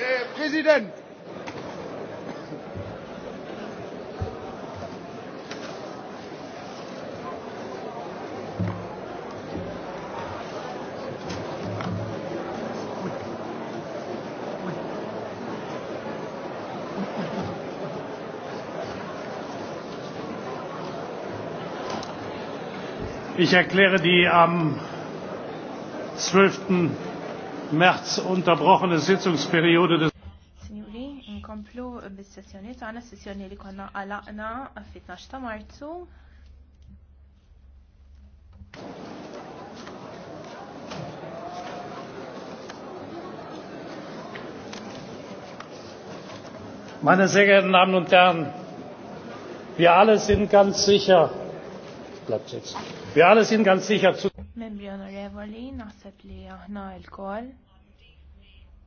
Eh, President. Ich erkläre die am 12. März unterbrochene Sitzungsperiode des Signori, nkomplu bis-sessjoni tagħna sessjoni li konna għalaqna fi 12 ta' Marzu. Meine sehr geehrten Damen und Herren, wir alle sind ganz sicher, bleibt sitzen, wir alle sind ganz sicher zu Membri onorevoli, naħseb li aħna l-koll